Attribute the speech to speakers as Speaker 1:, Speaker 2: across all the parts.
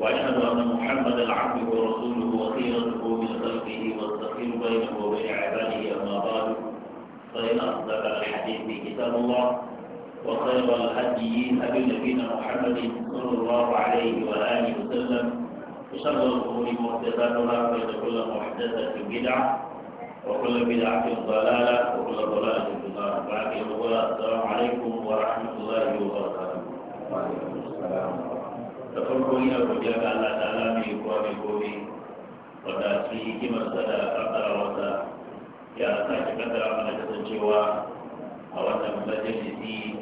Speaker 1: وأشهد أن محمدا عبده ورسوله وخيرته من خلقه والسخير بينه وبين عباده أما بعد فإن أصدق الحديث كتاب الله وخير الهدي أبي نبينا محمد صلى الله عليه وآله وسلم وشر الأمور محدثاتها فإن كل محدثة بدعة وكل بدعة ضلالة وكل ضلالة في النار السلام عليكم ورحمة الله وبركاته. وعليكم السلام ورحمة الله da farko ina godiya ga Allah ala mai kowa mai gobe wanda shi hikimarsa da kaddarawarsa ya sake kaddara mana kasancewa a wannan majalisi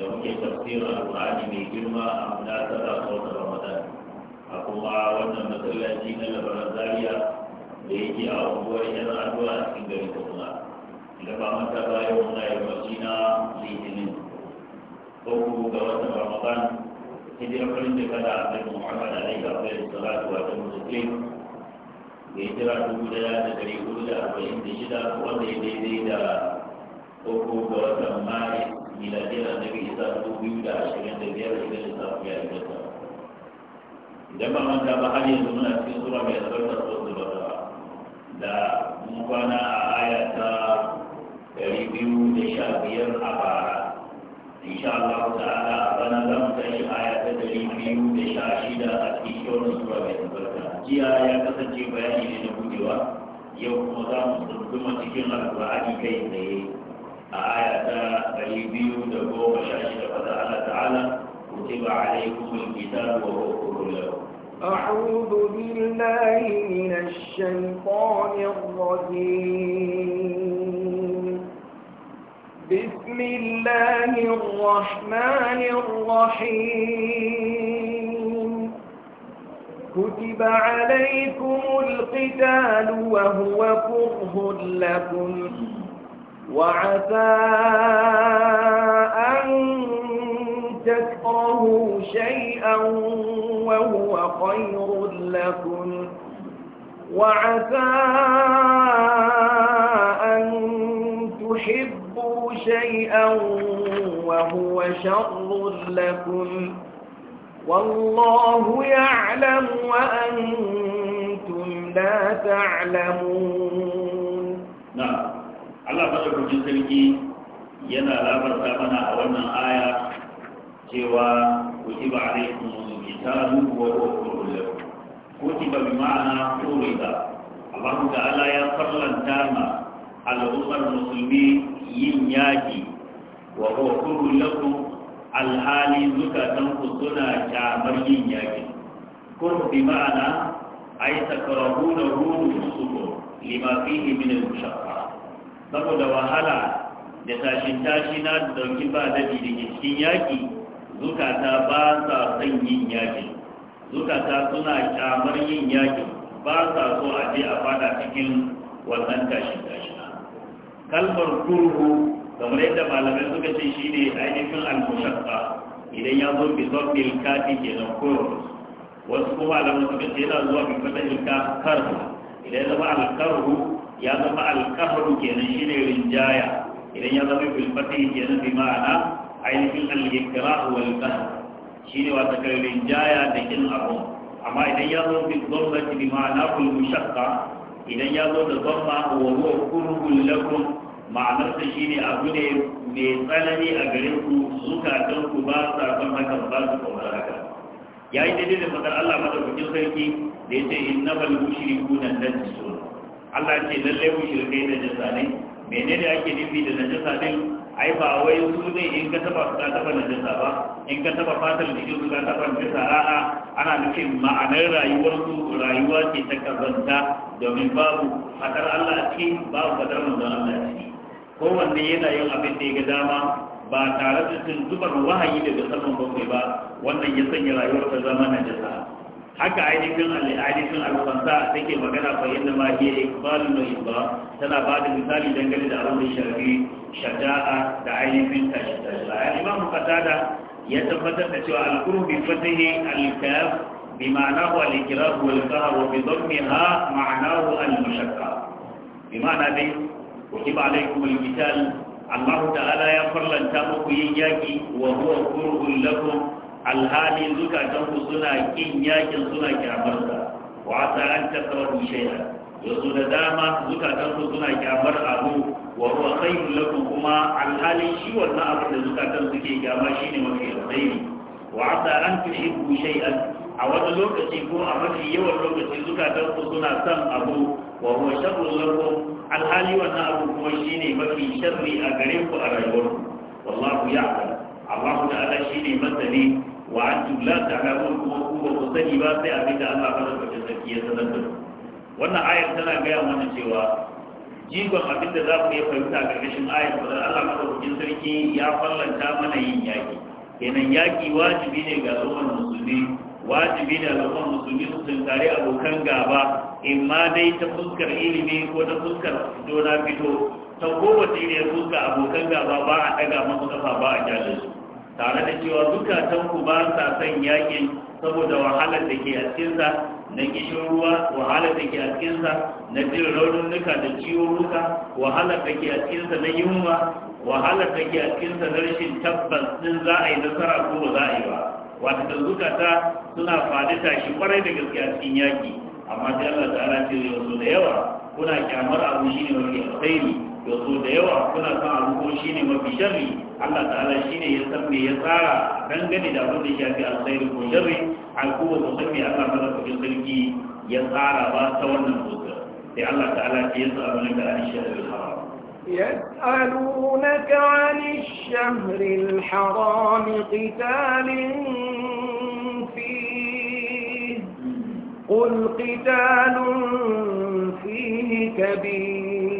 Speaker 1: da muke tafsirin alƙur'ani mai girma a a sautar ramadan a kuma wannan masallaci na labaran zaria da yake a unguwar yan addu'a a cikin gari kaduna idan ba manta ba yau muna yi na litinin uku ga watan ramadan hijira farin da kada a cikin muhammad alaihi wa sallam salatu wa ta da hijira dubu daya da dari hudu da arba'in da shida wanda ya daidai da uku ga watan mari miladiyar annabi isa dubu biyu da ashirin da biyar idan lissafi ya inganta idan ba manta ba har yanzu muna sura mai da a aya ta da biyar a insha Allah ta'ala a bana zan kashi aya ta dari da sha shida a cikin zuwa mai tabbata jiya ya kasance bayani ne na gujewa yau kuma za mu tsuntsuma cikin alƙur'ani kai tsaye a aya ta dari biyu da goma sha shida fata Allah ta'ala kutuba alaikum alkitab wa hukumul lahu
Speaker 2: أعوذ بالله من الشيطان الرجيم بسم الله الرحمن الرحيم كتب عليكم القتال وهو كره لكم وعسى أن تكرهوا شيئا وهو خير لكم وعسى أن تحبوا شيئا وهو شر لكم والله يعلم وأنتم لا تعلمون
Speaker 1: نعم الله بدر في سلكي ينا لا برتمنا أولنا آية سوى كتب عليكم القتال وهو كره لكم كتب بمعنى فرض الله تعالى يصلى الدامة al'ummar musulmi yin yaƙi wa huwa kullu lakum alhali zukatanku suna kyamar yin yaƙi kun bi ma'ana ai takarahuna ruhu suko su ko limafi al shafa. saboda wahala da tashin tashi na dauki ba dadi da cikin yaƙi zukata ba sa son yin yaƙi zukata suna kyamar yin yaƙi ba sa so a je a fada cikin wannan tashin tashi kalmar gurhu kamar yadda malamai suka ce shi ne ainihin al-mushaqqa idan ya zo bi zabbil kafi kenan ko wasu kuma malamai suka ce yana zuwa bi fadil ka karhu idan zama al-karhu ya zama al-karhu kenan shi ne rinjaya idan ya zama bil fatih kenan bi ma'ana ainihin al-ikrah wal qahr shi ne wata kan rinjaya da kin abu amma idan ya zo bi zabbati bi ma'ana kul mushaqqa idan ya zo da zamba wa wa kurgun lakon ma'anarsa ne abu ne mai tsanani a gare ku zukatan ku ba sa son haka ba su kamar haka Ya yi daidai da fadar Allah madaukakin sarki da ya in na mushiri kunan nan najisun Allah ce lalle mushrikai da jasa ne menene ake nufi da najasa ne ai ba wai su ne in ka taba su ka taba najasa ba in ka taba fatar da su ka taba najasa a'a ana nufin ma'anar rayuwar su rayuwa ce ta kazanta domin babu fatar Allah a babu fatar manzon Allah a ciki kowanne yana yin abin da ya ga dama ba tare da sun zubar wahayi daga saman bakwai ba wannan ya sanya rayuwar ta zama najasa haka ainihin ainihin alfansa take magana fa inda ma hiya ikbalu wa ibba tana ba da misali dangane da abin da shafi shaja'a da ainihin tashi tashi al-imam qatada ya tabbatar da cewa al-qur'an bi fatihi al-kaf bi ma'ana al-ikrah wal qahr wa bi dhammiha ma'nahu al-mashaqqa bi ma'ana dai kutiba alaykum al-qital allahu ta'ala ya farlanta muku yin yaki wa huwa qur'un lakum alhali zukatanku suna kin yakin suna kyamarsa wa ta an tasarru shay'a yanzu da dama zukatanku suna kyamar abu wa huwa khayrun lakum kuma alhali shi wannan abu da zukatan suke kyama shine mafi alkhairi wa ta an tuhibbu shay'an a wani lokaci ko a mafi yawan lokaci zukatanku suna son abu wa huwa sharru lakum alhali wannan abu kuma shine mafi sharri a gare ku a rayuwarku wallahu ya'lam Allah shi ne masani wa antum la ta'lamun kuma ku ba ku sani ba sai abin da Allah ba da sarki ya sanar da wannan ayar tana gaya mana cewa jigon abin da za ku iya fahimta ga ƙarƙashin ayar ba Allah madaukakin sarki ya fallanta mana yin yaƙi kenan yaƙi wajibi ne ga al'ummar musulmi wajibi ne ga al'ummar musulmi su tunkari abokan gaba in ma dai ta fuskar ilimi ko ta fuskar fito na fito ta kowace ne fuska abokan gaba ba a ɗaga masu ƙafa ba a kyale su tare da cewa zukatanku ba sa son yakin saboda wahalar da ke askinsa, na kishin ruwa wahalar da ke askinsa, na jin raunuka da nuka wahalar da ke askinsa na yunwa wahalar da ke askinsa cikinsa na rashin tabbas din za a yi nasara ko ba za a yi ba wata da zukata suna faɗi tashi kwarai da gaske a cikin yaƙi amma sai Allah ta'ala ce yanzu da yawa kuna kyamar abu shine wani alkhairi da da yawa suna san a ruko shi ne mafi shari Allah ta'ala shi ne ya san ya tsara gani da abin da shafi alkhairi ko shari sharri a kowace san me Allah mana kudin sarki ya tsara ba ta wannan dokar sai Allah ta'ala ya tsara mana da alsharri haram
Speaker 2: يسألونك عن الشهر الحرام قتال فيه قل قتال فيه كبير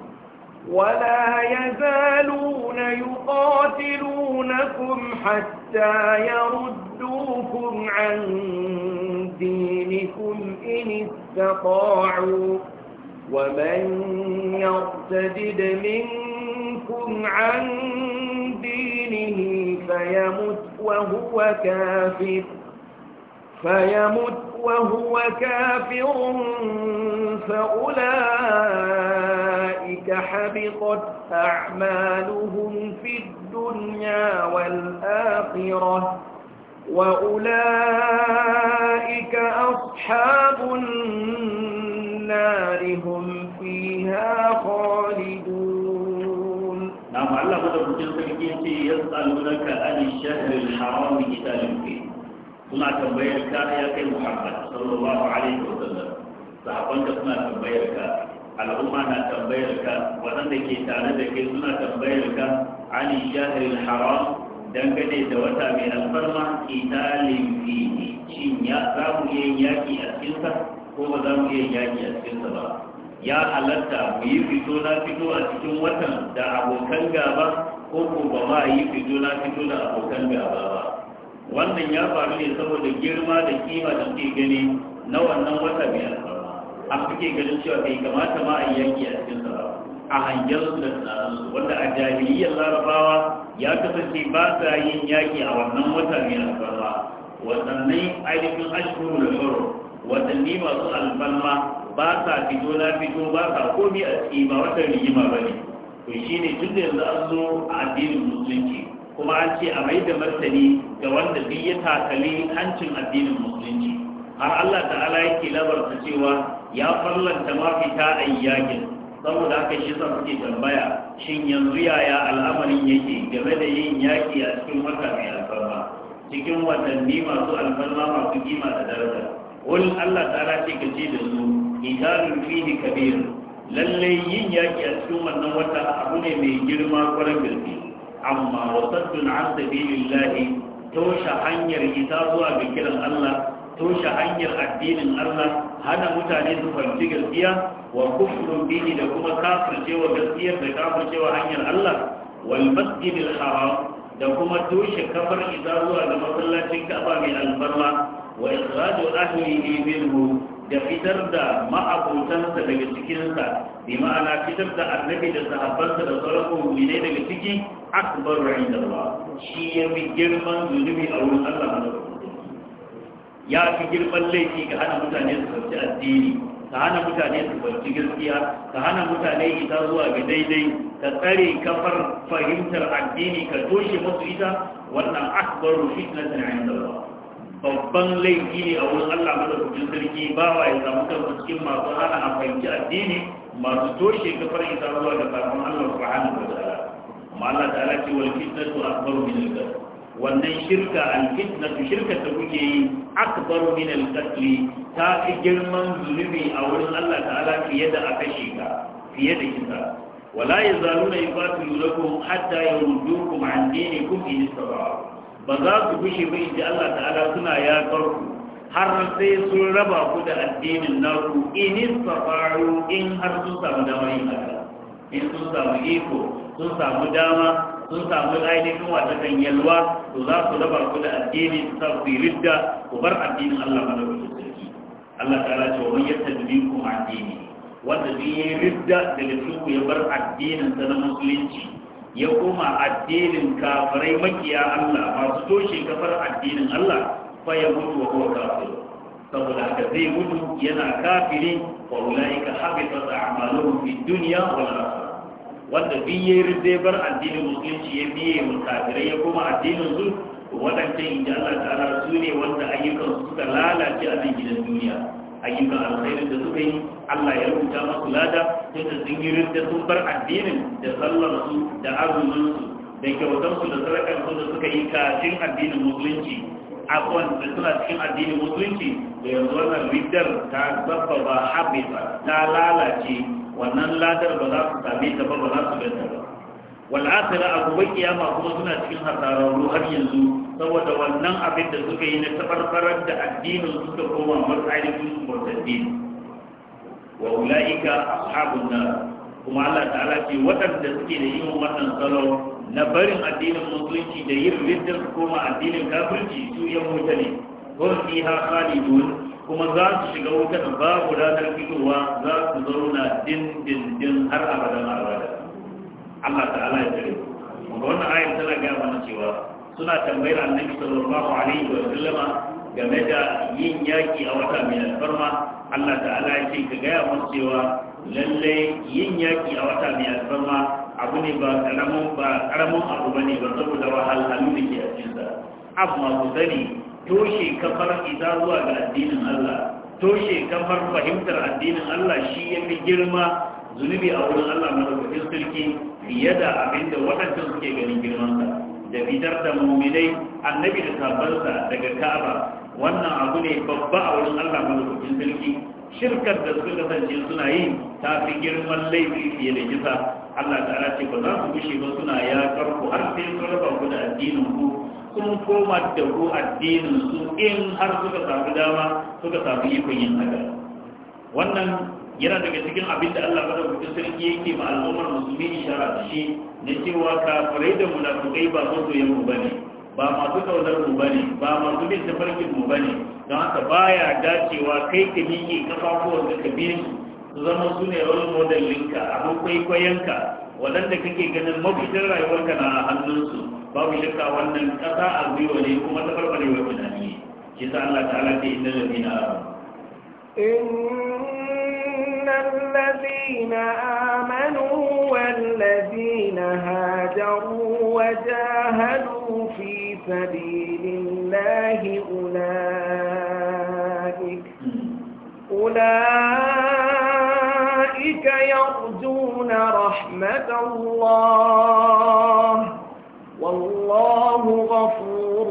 Speaker 2: ولا يزالون يقاتلونكم حتى يردوكم عن دينكم إن استطاعوا ومن يرتدد منكم عن دينه فيمت وهو كافر فيمت وهو كافر فأولئك حبطت أعمالهم في الدنيا والآخرة وأولئك أصحاب النار هم فيها خالدون
Speaker 1: نعم على هذا الجزء يسألونك عن الشهر الحرام كتاب فيه suna tambayar ka ya kai muhammad sallallahu alaihi wa sallam sahabban ka suna tambayar ka al'umma na tambayar ka waɗanda ke tare da kai suna tambayar ka ani shahril haram dangane da wata mai alfarma kitalin fihi shin ya za mu yi yaki a cikin sa ko ba za mu yi yaki a cikin sa ba ya halatta mu yi fito na fito a cikin watan da abokan gaba ko ko ba ma yi fito na fito da abokan gaba ba wannan ya faru ne saboda girma da kima da suke gani na wannan wata mai alfarma a suke ganin cewa bai kamata ma a yanki a cikin sa a hangen da tunaninsu wanda a jahiliyyar larabawa ya kasance ba sa yin yaki a wannan wata mai alfarma waɗannan ainihin ashkuru da shuru watanni masu alfalma ba sa fito na fito ba sa komi a ciki ba wata rigima ba ne to shine tun da yanzu an zo a addinin musulunci kuma an ce a mai da martani ga wanda duk ya takali hancin addinin musulunci har Allah ta'ala yake labarta cewa ya fallanta ma fita ayyakin saboda haka shi sa suke tambaya shin yanzu yaya al'amarin yake game da yin yaki a cikin wata mai alfarma cikin watanni masu alfarma masu kima da daraja wani Allah ta'ala ce ka ce da su Idanun fihi kabir lallai yin yaki a cikin wannan wata abu ne mai girma kwarar gaske amma wasaddun an sabilillahi toshe hanyar ita zuwa ga kiran Allah toshe hanyar addinin Allah hana mutane su fahimci gaskiya wa kufrun dini da kuma kafircewa gaskiyar da kafircewa hanyar Allah wal masjidil haram da kuma toshe kafar ita zuwa ga masallacin Ka'aba mai alfarma wa ikhraju ahlihi minhu da fitar da ma'abotansa daga cikinsa bi ma'ana fitar da annabi da sahabbansa da sauran mu'minai daga ciki akbar ra'in Allah shi ya fi girman zunubi a wurin Allah ya fi girman laifi ga hana mutane su sauci addini ka hana mutane su sauci gaskiya ka hana mutane ita zuwa ga daidai ka tsare kafar fahimtar addini ka toshe musu ita wannan akbar fitnatan 'inda Allah babban laifi ne a wurin Allah madaukakin sarki ba wa ya samu kansa cikin masu hana a fahimci addini masu toshe kafar isa zuwa da sakon Allah subhanahu da ta'ala amma Allah ta'ala ce wal fitnatu akbaru min al-qatl wannan shirka al fitnatu shirka da kuke yi akbaru min al-qatl ta fi girman zunubi a wurin Allah ta'ala fiye da aka shiga fiye da kisa wala yi yuqatilukum hatta yurdukum an dinikum in istata'u ba za su gushe ba inji Allah ta'ala suna ya ku har sai sun raba ku da addinin naku in istafaru in har sun samu dama yin haka in sun samu iko sun samu dama sun samu ainihin wata kan yalwa to za su raba ku da addinin sa ku ridda ku bar addinin Allah ba da sarki Allah ta'ala ce wa yadda dubi ku addini wanda zai yi ridda da lafiya ya bar addinin sa na musulunci ya koma addinin kafirai makiya Allah masu toshe kafar addinin Allah fa ya mutu wa huwa kafir saboda haka zai mutu yana kafiri wa ulaika habitat a'maluhum fid dunya wal akhirah wanda bi ya bar addinin musulunci ya biye mu kafirai ya koma addinin su waɗancan inda Allah ta'ala su ne wanda ayyukan suka lalace a cikin gidan duniya ayyukan alkhairin da suka yi Allah ya rubuta masu lada tunda sun yi da sun bar addinin da sallar su da arzikin su da kyautar su da sadakar su da suka yi kafin addinin musulunci abuwan da suna cikin addinin musulunci da yanzu wannan riddar ta zabbaba ba ta lalace wannan ladar ba za su same ta ba ba za su ganta ba wal'asira abubuwan kiyama kuma suna cikin hasararru har yanzu saboda wannan abin da suka yi na tabarbarar da addinin suka koma matsayin murtaddi wa ulaika ashabun na, kuma Allah ta'ala ce waɗanda suke da yin wannan salo na barin addinin musulunci da yin riddar su koma addinin kafirci su yan wuta ne kun fiha khalidun kuma za su shiga wutar babu ranar fitowa za su zauna din-din-din har abadan abada Allah ta'ala ya tare wannan ayar tana gaya mana cewa suna tambayar annabi sallallahu alaihi wa sallam game da yin yaki a wata mai alfarma Allah ta'ala ya ce ka gaya musu cewa lalle yin yaki a wata mai alfarma abu ne ba karamin ba karamin abu bane ba saboda wahalhalu da ke a cikin amma ku sani toshe kafar ida zuwa ga addinin Allah toshe kafar fahimtar addinin Allah shi ya fi girma zunubi a wurin Allah rubutun sarki fiye da abinda waɗancan suke ganin girman sa da fitar da muminai annabi da sabansa daga ka'aba wannan abu ne babba a wurin Allah madaukakin sarki shirkar da suka kasance suna yi ta fi girman laifi fiye da kisa Allah ta'ala ce ba za su gushe ba suna ya karku har sai sun raba ku da addinin ku sun koma da ku addinin su in har suka samu dama suka samu ikon yin haka wannan yana daga cikin abin da Allah madaukakin sarki yake ma al'ummar musulmi ishara da shi na cewa kafirai da munafukai ba yin mu bane ba masu kaunar mu bane ba masu bin tafarkin mu bane don haka baya dacewa kai ka miƙe kafafuwan da ka biyan su zama su ne role model ɗinka abin kwaikwayonka waɗanda kake ganin mafitar rayuwarka na hannunsu babu shakka wannan ƙasa a gwiwa ne kuma ta farfarewar mutane shi sa Allah ta ta inda da na
Speaker 2: إن الذين سبيل الله أولئك أولئك يرجون رحمة الله والله غفور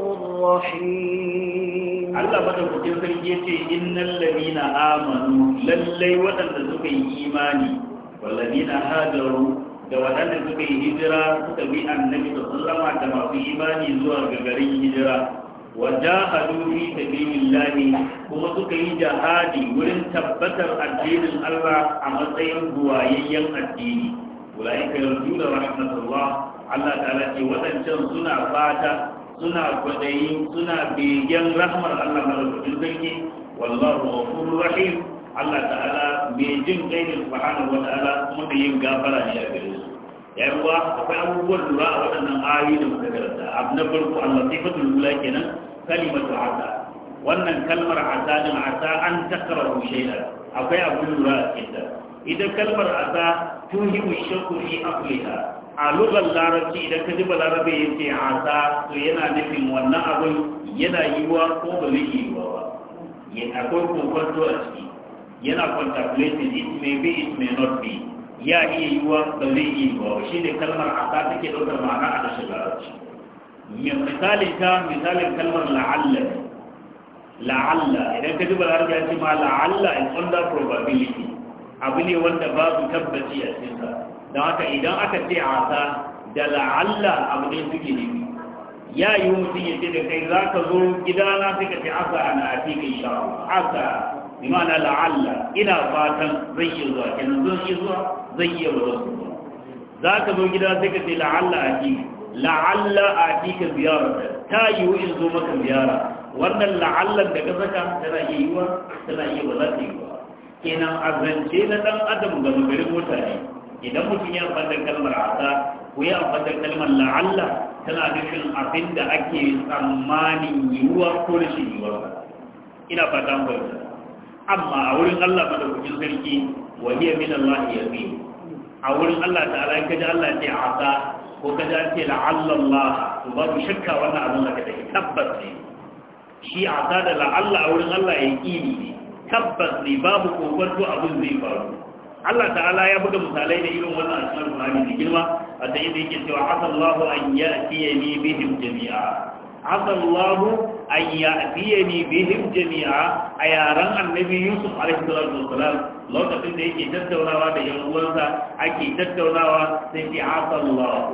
Speaker 2: رحيم
Speaker 1: الله بدر كتير إن الذين آمنوا للي ودن ذكي إيماني والذين هاجروا da waɗanda suka yi hijira suka bi annabi da sallama da masu imani zuwa ga garin hijira wa jahadu fi sabilillahi kuma suka yi hadi, wurin tabbatar addinin Allah a matsayin buwayayyen addini ulaika yarjuna rahmatullah Allah ta'ala ce wadancan suna fata suna kwadayi suna begen rahmar Allah madaukakin sarki wallahu ghafurur rahim Allah ta'ala mai jin ƙainin subhanahu wa ta'ala kuma yin gafara ne a gare su yayin kuwa akwai abubuwan lura a waɗannan ayoyi da muka garanta abu na farko Allah sifatul ula kenan kalimatu asa wannan kalmar asa din asa an takarahu shay'a akwai abu lura a cikin ta ita kalmar asa tuhimu shakku fi aqliha a lugar larabci idan ka ji ba ya yace asa to yana nufin wannan abin yana yiwuwa ko ba zai yiwa ba akwai kokonto a ciki yana contemplating it may be it may not be ya iya yiwuwa ba zai iya yiwuwa shi ne kalmar asa take ɗaukar ma'ana a dashin larabci misalin ta misalin kalmar la'alla la'alla idan ka duba larabci ya ce ma la'alla is under probability abu ne wanda babu tabbaci a cikinsa don haka idan aka ce asa da la'alla abu ne suke nemi ya yi mutum ya ce da kai za ka zo gidana suka ce asa ana afi ka insha Allah asa bi la'alla ina fatan zai yi zuwa kenan zan yi zuwa zai yi ba zuwa za ka zo gida sai ka ce la'alla a ji la'alla a ji ka ziyara ta yi wa in zo maka ziyara wannan la'allan da ka saka tana iya yi wa tana iya ba za ta yi ba kenan a zance na dan adam ga magarin mutane idan mutum ya fata kalmar asa ko ya fata kalmar la'alla tana nufin abin da ake tsammanin yiwuwa ko rashin yiwuwa ina fata mu amma a wurin Allah kujin sarki wa hiya min Allah yaqin a wurin Allah ta'ala in kaji Allah ce asa ko kaji an ce la'alla Allah to babu shakka wannan abin da kake tabbas ne shi asa da la'alla a wurin Allah ya yi ne tabbas ne babu to abin zai faru Allah ta'ala ya buga misalai da irin wannan a cikin Qur'ani da girma a da yake cewa asa Allah an ya'tiyani bihim jami'a asa Allahu an ya'tiyani bihim jami'a a yaran annabi Yusuf alaihi salatu wassalam lokacin da yake tattaunawa da yan uwansa ake tattaunawa sai ce asa Allahu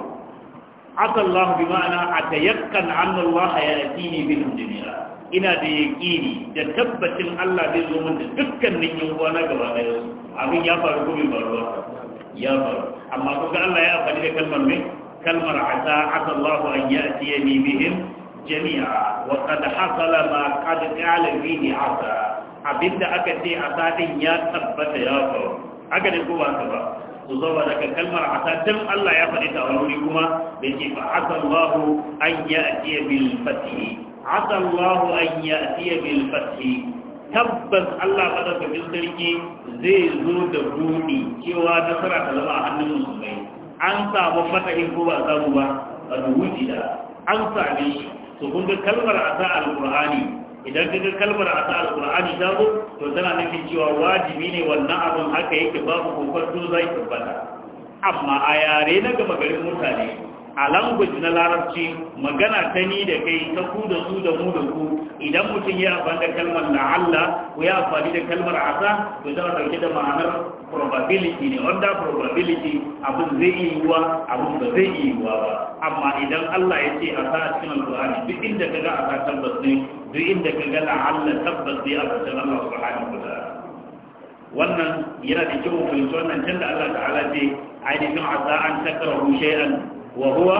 Speaker 1: asa Allahu bi ma'ana atayakkan anna Allah ya'tini bihim jami'a ina da ni da tabbacin Allah zai zo mun da dukkanin yan uwana gaba ɗaya abin ya faru ko bai faru ba ya faru amma kun ga Allah ya faɗi da kalmar mai kalmar asa asa Allahu an ya'tiyani bihim jami'a wa qad hasala ma qad qala fihi asa abinda aka ce a sadin ya tabbata ya faru aka ne ko ba ka ba ku zama daga kalmar a sadin Allah ya faɗi ta wani wuri kuma da ce fa asa Allah an ya'tiya bil fathi asa Allah an a bil fathi tabbas Allah madaukakin sarki zai zo da buɗi cewa nasara ta zama a hannun musulmai an samu in ko ba samu ba a da an same shi to kun ga kalmar a ta idan ka ga kalmar a ta ta zo to tana nufin cewa wajibi ne wannan abin haka yake babu kokon to zai tabbata amma a yare na gama garin mutane a language na larabci magana ta ni da kai ta ku da su da mu da ku idan mutum ya amfani da kalmar na Allah, ko ya amfani da kalmar asa to zama dauke da ma'anar probability ne Wanda probability abin zai iya yiwuwa abin ba zai iya yiwuwa ba amma idan Allah ya ce asa a cikin alƙur'ani duk inda kaga asa tabbas ne duk inda kaga la'alla tabbas ne a cikin Allah subhanahu wa wannan yana da kyau mu fahimci wannan da Allah ta'ala ce ainihin asa an takrahu shay'an wa huwa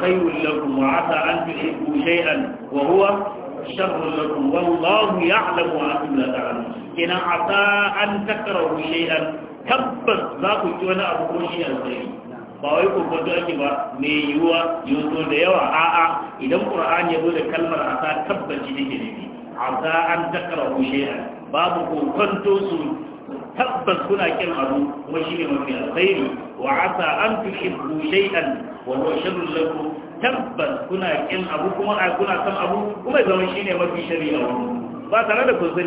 Speaker 1: khayrun lakum wa asa an tuhibbu shay'an wa huwa sharrun lakum wallahu wa antum la ta'lamun kina asa an takrahu shay'an tabbas za ku ci wani abu ko shi alkhairi ake ba mai yiwuwa yanzu da yawa a'a idan ƙur'ani ya zo da kalmar asa tabbaci take nufi asa an takrahu babu ku su tabbas kuna kin abu kuma shine mafi alkhairi wa asa an tuhibbu shay'an wa huwa sharrun lakum tabbas kuna kin abu kuma kuna san abu kuma zama shine mafi shari'a ba tare da kun ba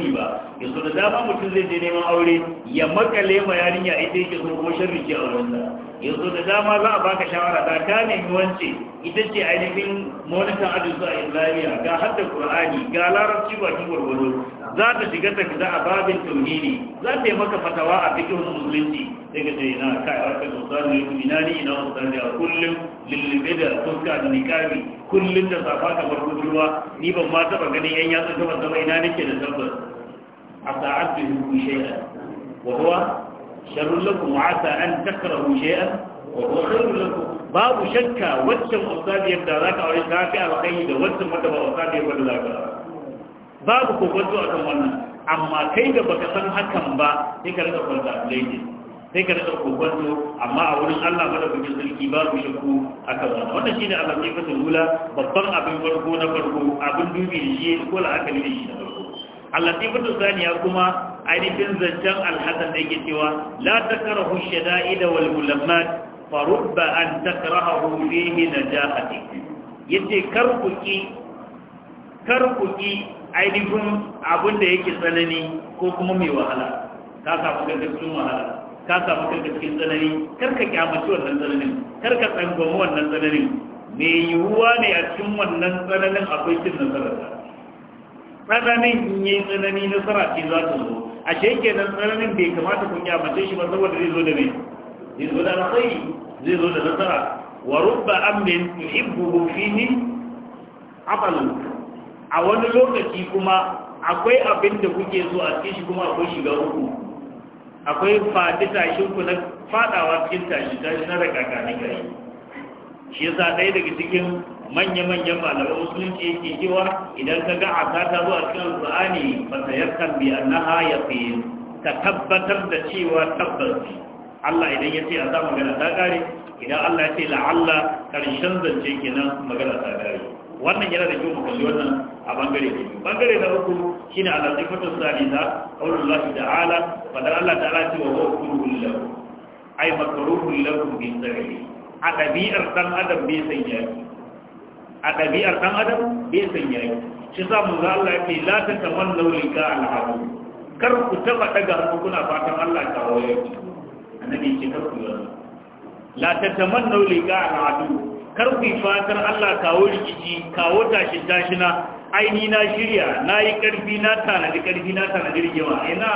Speaker 1: yanzu da dama mutum zai je neman aure ya makale ma yarinya idan yake so ko sharri ke aurensa yanzu da dama za a baka shawara da ka nemi wance ita ce ainihin monitan adusu a islamiya ga hadda qur'ani ga larabci ba kin gwargwaro za ta shiga ta a babin tauhidi za ta yi maka fatawa a cikin musulunci daga ta yana kai a kan ne ina ni ina usani a kullum lullube da fuska da niqabi kullum da safa kamar budurwa ni ban ma taba ganin yan yatsu ta ban zama ina nake da tabbas a sa'ad da hu shay'a wa huwa sharrun lakum wa asa an takrahu shay'an wa huwa khairun lakum babu shakka waccan wasabiyar da zaka aure ta fi alkhairi da waccan wata ba wasabiyar ba da zaka babu kokonto akan wannan amma kai da baka san hakan ba sai ka rika kwanta laifin sai ka rika kokonto amma a wurin Allah madaukakin sarki babu shakku akan wannan shi ne al-haqiqatul ula babban abin farko na farko abin dubi da shi ko la'akari da shi na farko al-latifatu thaniya kuma ainihin zancen al-hasan da yake cewa la takrahu shada'id wal mulammat fa rubba an takrahu fihi najahatik yace kar ku ki kar ku ki ainihin abin da yake tsanani ko kuma mai wahala ka samu gaggabin wahala ka samu kanka cikin tsanani kar ka kyamaci wannan tsananin kar ka wannan tsananin mai yiwuwa ne a cikin wannan tsananin akwai cin nasarar tsananin in yi tsanani nasara ce za ta zo a sheke nan tsananin bai kamata kun kyamace shi ba saboda zai zo da mai zai zo da rasai zai zo da nasara wa rubba amrin tuhibbuhu fihi abal a wani lokaci kuma akwai abin da kuke so a cikin shi kuma akwai shiga uku akwai faɗi tashin ku na faɗawa cikin tashi tashi na rakakanin gari shi yasa ɗaya daga cikin manya-manyan malaman musulunci yake cewa idan ka ga asa ta zuwa cikin alƙur'ani ba ta yakan bi na haya fiye ka tabbatar da cewa tabbas Allah idan ya ce a za magana ta ƙare idan Allah ya ce la'alla ƙarshen zance kenan magana ta ƙare wannan yana da kyau mu kalli wannan a bangare ne bangare na uku shine na sai fata salisa da ta'ala fadar Allah ta'ala ce wa huwa kullu Ai ay makruhul lahu bi sirri a ɗabi'ar dan adam bai sanya a ɗabi'ar dan adam bai sanya shi sa mu ga Allah yake la tatamannu lika al-haram kar ku taba daga hannu kuna fatan Allah ta waye annabi ce kar ku la tatamannu lika al-haram kar ku fatar Allah kawo rikici kawo tashin tashina aini na shirya na yi ƙarfi na tanadi ƙarfi na tanadi rigewa ina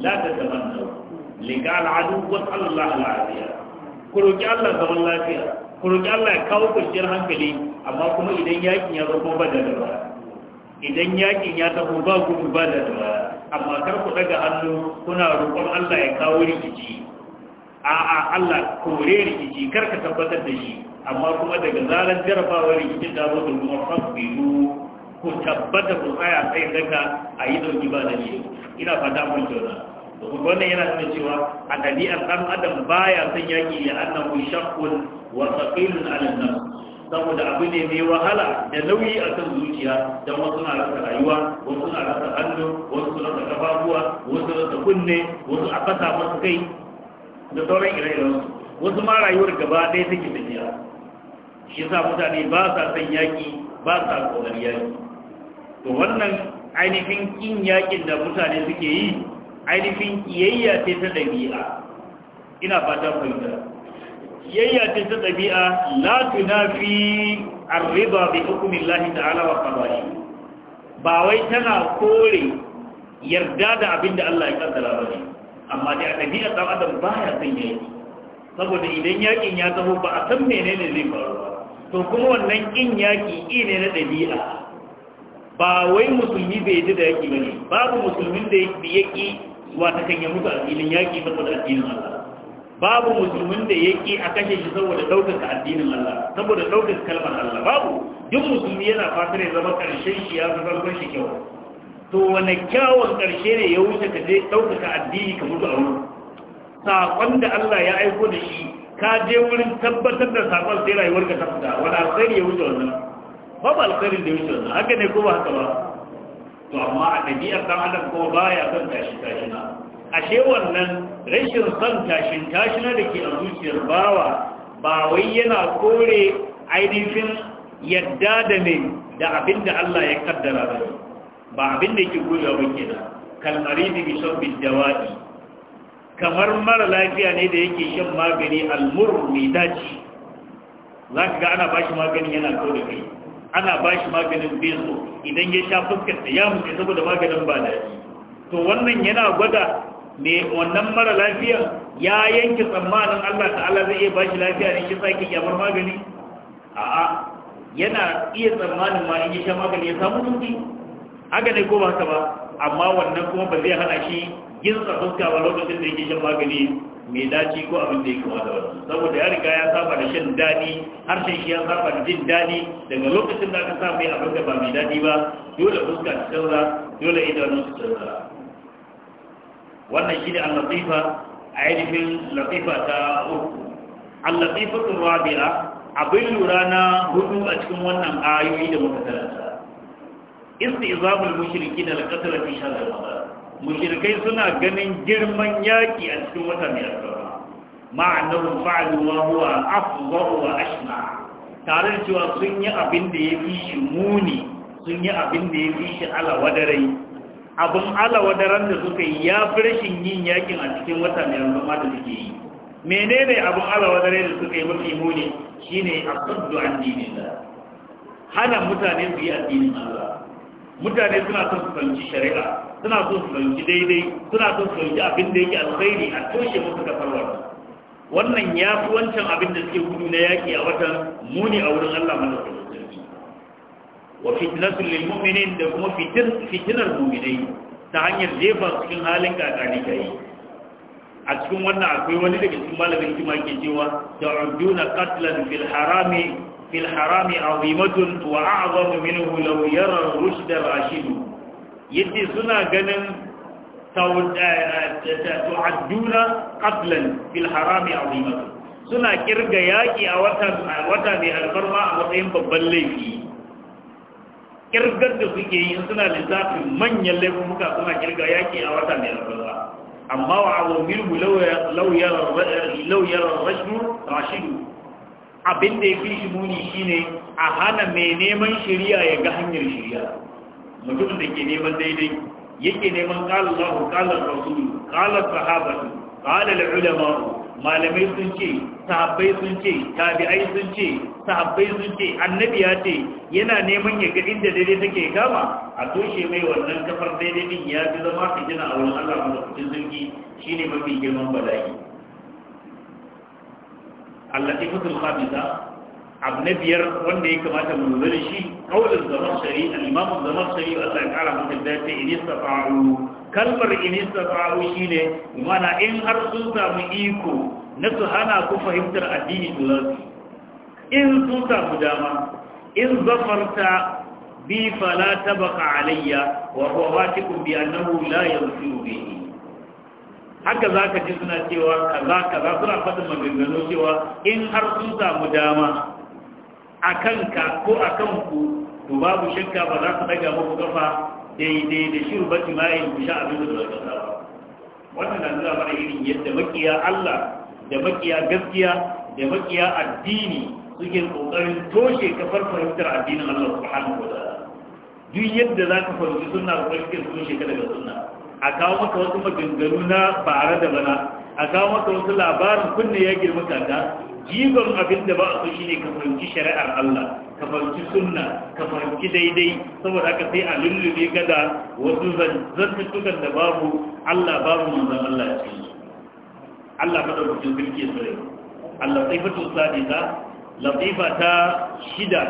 Speaker 1: la ta zaman da liga al'adu alaihi wa sallam. ku roƙi Allah zaman lafiya ku roƙi Allah ya kawo kwanciyar hankali amma kuma idan yakin ya zo ba da dawa idan yakin ya taho ba gudu ba da dawa amma kar ku daga hannu kuna roƙon Allah ya kawo rikici a'a Allah kore rikici kar ka tabbatar da shi amma kuma daga zaran jarabawa rikicin da zo da kuma biyu, ku tabbata ku tsaya tsayin daga a yi dauki ba da shi ina fata mun jona da kuma wannan yana nuna cewa a ɗabi'ar ɗan adam baya son yaƙi ya annahu shaqqun wa thaqilun 'ala an-nafs saboda abu ne mai wahala da nauyi a kan zuciya don wasu na rasa rayuwa wasu na rasa hannu wasu na rasa kafafuwa wasu rasa kunne wasu a fasa masu kai da sauran ire-iren su wasu ma rayuwar gaba ɗaya take tafiya shi sa mutane ba sa son yaƙi ba sa tsoron yaƙi to wannan ainihin ƙin yaƙin da mutane suke yi ainihin ƙiyayya ce ta ɗabi'a ina fata fahimta ƙiyayya ce ta ɗabi'a la tunafi arriba bi hukumin lahi da alawa qadari ba wai tana kore yarda da abin da Allah ya kaddara ba ne amma dai a ɗabi'ar ɗan adam ba ya san yaƙi saboda idan yaƙin ya zama ba a san menene zai faru to kuma wannan ƙin yaƙi i ne na ɗabi'a ba wai musulmi bai ji da yaƙi ba ne babu musulmin da ya ƙi ta kan ya mutu a filin yaƙi saboda addinin Allah babu musulmin da ya ƙi a kashe shi saboda ɗaukaka addinin Allah saboda ɗaukaka kalmar Allah babu duk musulmi yana fatar ya zama ƙarshen shi ya fi farkon shi kyau to wane kyawun ƙarshe ne ya wuce ka je ɗaukaka addini ka mutu a wuri saƙon da Allah ya aiko da shi ka je wurin tabbatar da saƙon sai rayuwar ka ta wani alkhairi ya wuce wannan babu ba da ya wuce wannan haka ne ko ba haka ba to amma a ɗabi'ar ɗan adam ko ba ya son tashi tashina ashe wannan rashin son tashin tashina da ke a zuciyar bawa ba wai yana kore ainihin yadda da ne da abin da Allah ya kaddara ba ba abin da yake goyo ba kalmari kalmaridi bi sabbi dawai kamar mara lafiya ne da yake shan magani almur mai daci za ka ga ana bashi magani yana kau da kai ana bashi maganin bezo idan ya sha da ya mutu saboda maganin ba da to wannan yana gwada me wannan mara lafiya ya yanke tsammanin Allah ta'ala zai iya bashi lafiya ne shi sake kyamar magani a'a yana iya tsammanin ma in ya sha magani ya samu sauki haka ne ko ba haka ba amma wannan kuma ba zai hana shi yin fuska ba lokacin da yake shan magani mai daci ko abin da ya kama da wani saboda ya riga ya saba da shan daɗi harshen shi ya saba da jin daɗi daga lokacin da aka sa mai abin da ba mai daɗi ba dole fuska ta canza dole idanu su canza wannan shi ne an latifa a ainihin latifa ta uku an latifa tun rabi'a abin lura na hudu a cikin wannan ayoyi da muka karanta istizabul mushrikin al-qatl fi shahr ramadan mushrikai suna ganin girman yaki a cikin wata mai alfarma ma'annahu fa'alu ma huwa afdal wa ashna tare da cewa sun yi abin da ya fi shi muni sun yi abin da ya fi shi alawadarai abin alawadaran da suka yi ya fi rashin yin yakin a cikin wata mai alfarma da suke yi menene abin alawadarai da suka yi mafi muni shine a kudu an dinin hana mutane su yi addinin Allah mutane suna son su fahimci shari'a suna son su fahimci daidai suna son su fahimci abin da yake alkhairi a toshe musu kafarwa wannan ya fi wancan abin da suke gudu na yaƙi a watan muni a wurin Allah mana sarki wa fitnatul lil mu'minin da kuma fitin fitinar mu'minai ta hanyar jefa cikin halin kakani kai a cikin wannan akwai wani daga cikin malamin kima ke cewa ta'uduna qatlan fil harami في الحرام عظيمة وأعظم منه لو يرى الرشد الراشد يدي سنة جنم تعدون قتلا في الحرام عظيمة سنة كرغ ياكي أوتا بألفرما أوتين ببليكي kirgar da suke yi suna lissafin manyan laifuka suna kirga yaki a wata mai alfarwa amma wa abu milgu lauyar rashidu abin da ya fi shi muni shine a hana mai neman shari'a ya ga hanyar shari'a Mutum da ke neman daidai yake neman qala Allahu qala Rasul qala sahabatu qala ulama malamai sun ce sahabbai sun ce tabi'ai sun ce sahabbai sun ce annabi ya ce yana neman ya ga inda daidai take gama a toshe mai wannan kafar daidai din ya fi zama fitina a wurin Allah mu da shine mafi girman bala'i al-latifatul khabisa abu na biyar wanda ya kamata mu lura da shi kaulin zamar shari al-imam zamar shari Allah ya kara maka da ta in istafa'u kalmar in istafa'u shine mana in har sun samu iko na su hana ku fahimtar addini to za in sun samu dama in zafarta bi fala tabaqa alayya wa huwa watiqun bi annahu la yaghfiru bihi haka za ka ji suna cewa kaza kaza suna fata maganganu cewa in har sun samu dama a ka ko a kanku to babu shakka ba za su daga muku kafa daidai da shiru ba timayin ku sha abin da kasa ba wannan na zuwa mara irin yadda makiya Allah da makiya gaskiya da makiya addini suke kokarin toshe kafar fahimtar addinin Allah subhanahu wa ta'ala duk yadda zaka fahimci sunna ko kike toshe ka daga sunna a kawo maka wasu maganganu na bara da bana a kawo maka wasu labarin kunne ya girma kanta jigon abin da ba a so shine ka fahimci shari'ar Allah ka fahimci sunna ka fahimci daidai saboda haka sai a lullube gada wasu zantukan da babu Allah babu manzon Allah ce Allah madaukakin sarki sai Allah sai fatu sadisa latifa ta shida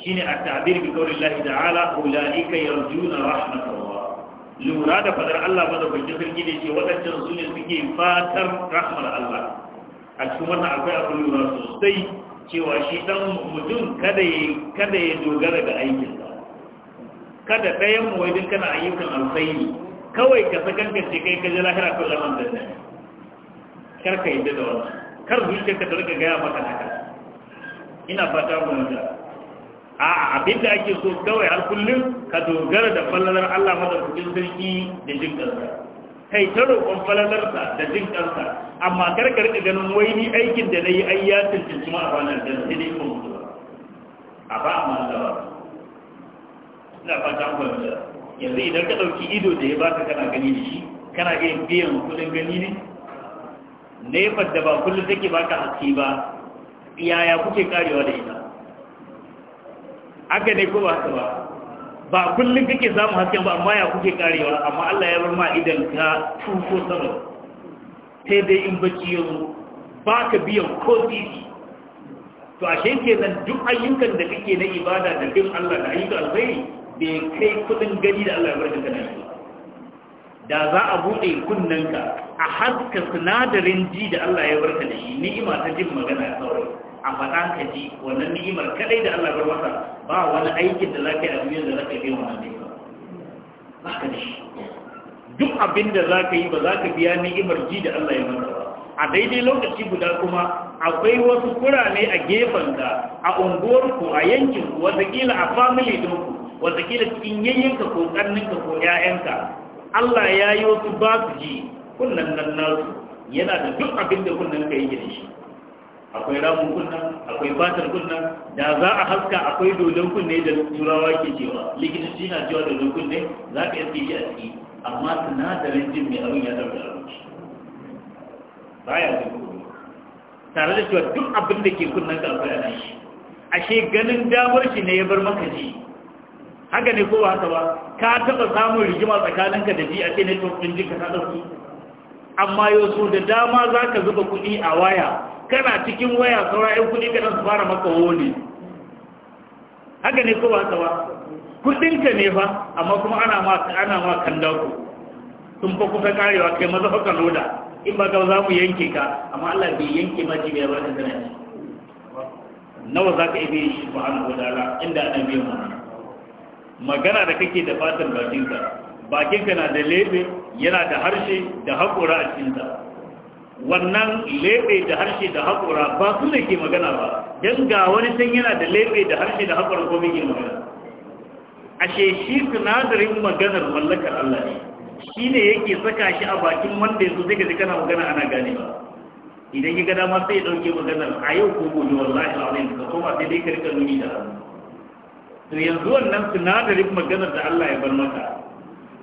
Speaker 1: shine at-ta'bir bi qawli Allah ta'ala ulaika yarjuna rahmatullah lura da fadar Allah ba da bakin sarki ne ce waɗancan su ne suke fatar rahmar Allah a cikin wannan akwai abin lura sosai cewa shi dan mutum kada ya kada ya dogara ga aikinsa kada ɗayan mu wai kana ayyukan alkhairi kawai ka sakankance kai ka ji lahira ko zaman da nan kar ka yadda da wannan kar zuciyarka ta rika gaya maka haka ina fata mu mutum a abin da ake so kawai har kullum ka dogara da falalar Allah madaukakin sarki da jin kansa kai ta roƙon falalarsa da jin kansa amma kar ka rika ganin wai ni aikin da nayi ai ya tantance ma a ranar da sai dai kuma a ba amma da ba ina fata an yanzu idan ka ɗauki ido da ya baka kana gani da shi kana iya biyan kuɗin gani ne nefar da ba kullum take baka aski ba yaya kuke karewa da ita haka ne ko ba haka ba ba kullum kake samun hasken ba amma ya kuke karewa amma Allah ya bar ma idan ka tuko sama sai dai in bacci ya zo ba ka biyan ko tsiri to a ke nan duk ayyukan da kake na ibada da bin Allah da ayyukan alkhairi bai kai kudin gani da Allah ya barka kana shi da za a bude kunnanka a haska sinadarin ji da Allah ya bar ka da shi ni'ima ta jin magana ya saurara a faɗa ka ji wannan ni'imar kadai da Allah ya ba wani aikin da za ka yi a duniyar da za ka biya wannan ni'imar ba ka da shi duk abin da za ka yi ba za ka biya ni'imar ji da Allah ya maka ba a daidai lokaci guda kuma akwai wasu kurame a gefen da a unguwar ku a yankin yankinku watakila a family ɗinku watakila cikin yayyanka ko karninka ko ƴaƴanka Allah ya yi wasu ba su ji kunnan nan nasu yana da duk abin da kunnan ka yi shi akwai ramun kunna akwai fatar kunna da za a haska akwai dodon kunne da turawa ke cewa likitanci na cewa dodon kunne za ka yanke shi a ciki amma sinadarin jin mai abin ya ɗauka abinci ba ya zai kuma tare da cewa duk abin da ke kunnan ka akwai a nan shi ashe ganin damar shi ne ya bar maka ji haka ne kowa haka ba ka taɓa samun rigima tsakaninka da ji a ce ne tsoffin ji ka ta ɗauki amma yau so da dama za ka zuba kuɗi a waya kana cikin waya saura yan kuɗi kana su fara maka wole haka ne ko ba ta ba ne fa amma kuma ana ma ana ma ku. sun fa kusa karewa kai maza fa ka loda in ba ka za mu yanke ka amma Allah bai yanke ma jibiya ba ta tana nawa za ka ibe shi ba wa ta'ala inda ana biyan mu magana da kake da fatan bakinka bakinka na da lebe yana da harshe da haƙura a cikinsa wannan lebe da harshe da haƙura ba su ne ke magana ba don ga wani sun yana da lebe da harshe da haƙura ko mai magana a shi sinadarin maganar mallakar Allah ne shi ne yake saka shi a bakin wanda ya so zai gaji kana magana ana gane ba idan yi gada ma sai ya ɗauke maganar a yau ko gobe wallahi al'adun ka koma sai dai karkar nuni da to yanzu wannan sinadarin maganar da Allah ya bar maka